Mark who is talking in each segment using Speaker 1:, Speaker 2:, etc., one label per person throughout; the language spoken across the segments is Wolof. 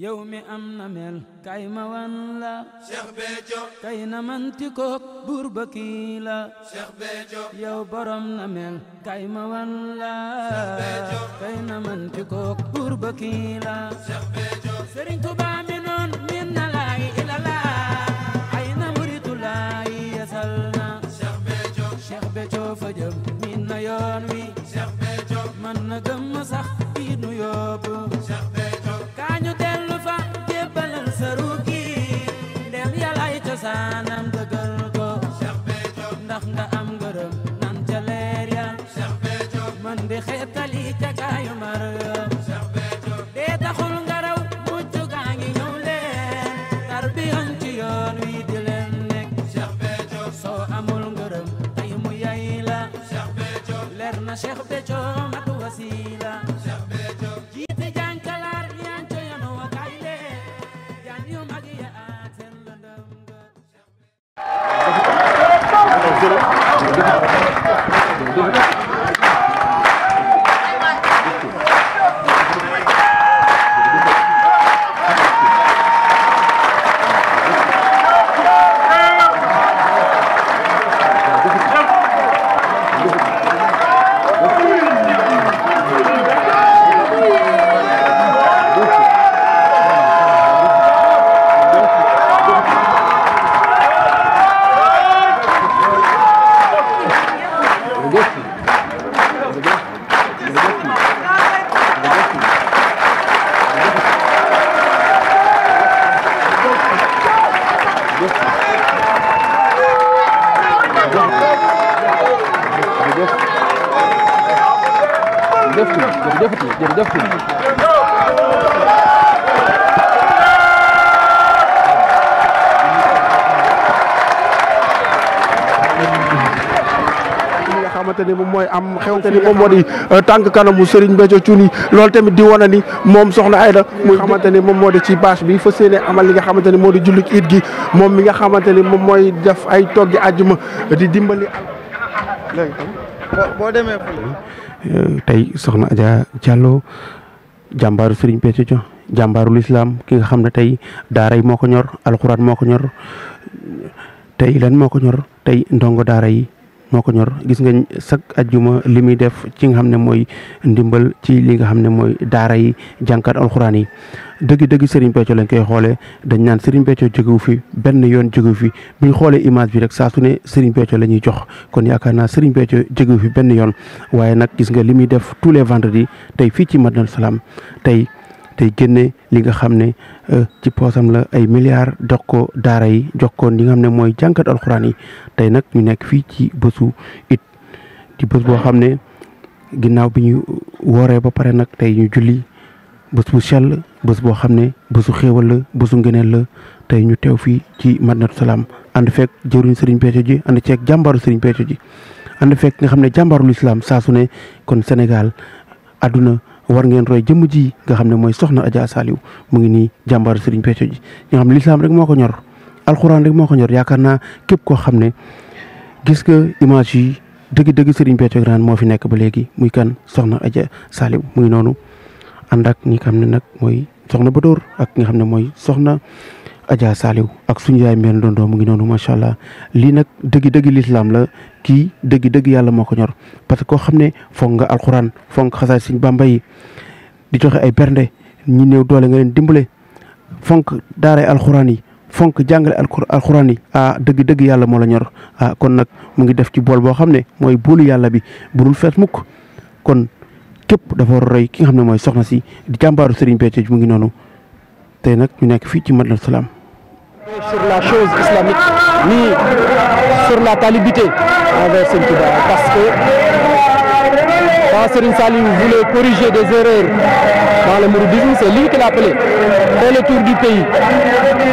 Speaker 1: yow mi am na mel kay ma wan la Cheikh Béthio kay na mantikook buur ba kii la Cheikh Béthio yow borom na mel kay ma wan la Cheikh Béthio kay na mantikook buur ba kii la
Speaker 2: jërëjëf tuuti jërëjëf tuuti jërëjëf tuuti
Speaker 3: xamante ni moom mooy am xew te ni moom moo di euh, tànk kanamu Serigne Béthio Thioune loolu tamit di wana ni moom soxna Aida muy xamante ni moom moo di ci bâche bi fa séene amal li nga xamante ni moo di jullit it gi moom mi nga xamante ni moom mooy def ay toggi àjjuma di dimbali léegi boo demee Euh, tey soxna Adja Diallo jàmbaaru Serigne Béthio jàmbaaru lislaam ki nga xam ne tey daara yi moo ko ñor alxuraan moo ko ñor tey lan moo ko ñor tey ndongo daara yi moo ko ñor gis nga chaque ajjuma li muy def ci nga xam ne mooy ndimbal ci li nga xam ne mooy daara yi jànkat alxuraan yi dëgg-dëgg Serigne Béthio lañ koy xoolee dañ naan Serigne Béthio jógewu fi benn yoon jógewu fi bu ñu xoolee image bi rek saa su ne Serigne Béthio la ñuy jox kon yaakaar naa sëriñ Béthio jógewu fi benn yoon waaye nag gis nga li muy def tous les vendredis tey fii ci Madinatoul salaam tey tey génne li nga xam ne euh, ci poosam la ay milliards dox ko daara yi jox ko li nga xam ne mooy jànkat alxuraan yi tey nag ñu nekk fii ci bësu it ci bés boo xam ne ginnaaw bi ñu wooree ba pare nag tey ñu julli bés bu sell bés boo xam ne bésu xéewal la bésu ngëneel la tey ñu teew fii ci Madinatu Salaam ànd fekk jëruñ Serigne Béthio ji ànd ceeg jàmbaaru Serigne Béthio ji ànd fekk nga xam ne jàmbaaru lislaam saa su ne kon Sénégal àdduna war ngeen roy jëmm ji nga xam ne mooy soxna Adja Saliou mu ngi nii jàmbaaru Serigne Béthio ji ñoo xam ne lislaam rek moo ko ñor alxuraan rek moo ko ñor yaakaar naa képp koo xam ne gis nga image yi dëgg-dëgg Serigne Béthio Grande moo fi nekk ba léegi muy kan soxna Adja Saliou mu ngi noonu ànd ak ñi xam ne nag mooy soxna Badoor ak nga xam ne mooy soxna Adja Saliou ak suñu yaay mbeen dondoo mu ngi noonu macha allah lii nag dëgg dëgg lislaam la kii dëgg dëgg yàlla moo ko ñor parce que koo xam ne foog nga alxuraan foog nga xasaay suñ bàmba di joxe ay bernde ñi néew doole nga dimbale fonk daaray alxuraan yi fonk jàngale alxuraan yi ah dëgg dëgg yàlla moo la ñor ah kon nag mu ngi def ci bool boo xam ne mooy boolu yàlla bi bu dul fees mukk kon képp dafa war a roy ki nga xam ne mooy soxna si di jàmbaaru Serigne Béthio mu ngi noonu tey nag ñu nekk fii ci Madinatoul Salam
Speaker 2: sur la chose islamique ni sur la talibité parce que quand Serigne Saliou voulait corriger des erreurs dans le mouridisme c'est lui qui l'appelait fait le tour du pays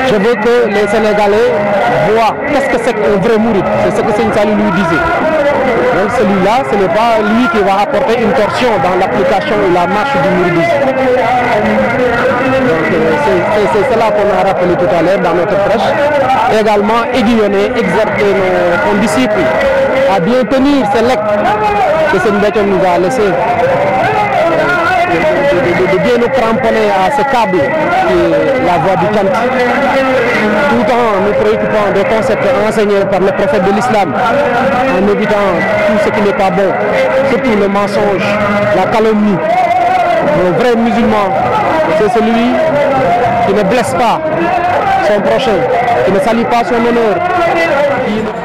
Speaker 2: je veux que les Sénégalais voient qu'est-ce que c'est qu'un vrai mouride Donc celui-là, n'est pas lui qui va apporter une torsion dans l'application ou la marche du mouridisme. Donc euh, c'est cela qu'on a rappelé tout à l'heure dans notre prêche. Également aiguillonner, exhorter nos, nos à bien tenir ces lectes que ce nous a laissé de, de, bien nous cramponner à ce câble qui est la voie du Kant, tout en nous préoccupant des concepts enseignés par le prophète de l'islam, en évitant tout ce qui n'est pas bon, surtout le mensonge, la calomnie. Le vrai musulman, c'est celui qui ne blesse pas son prochain, qui ne salit pas son honneur,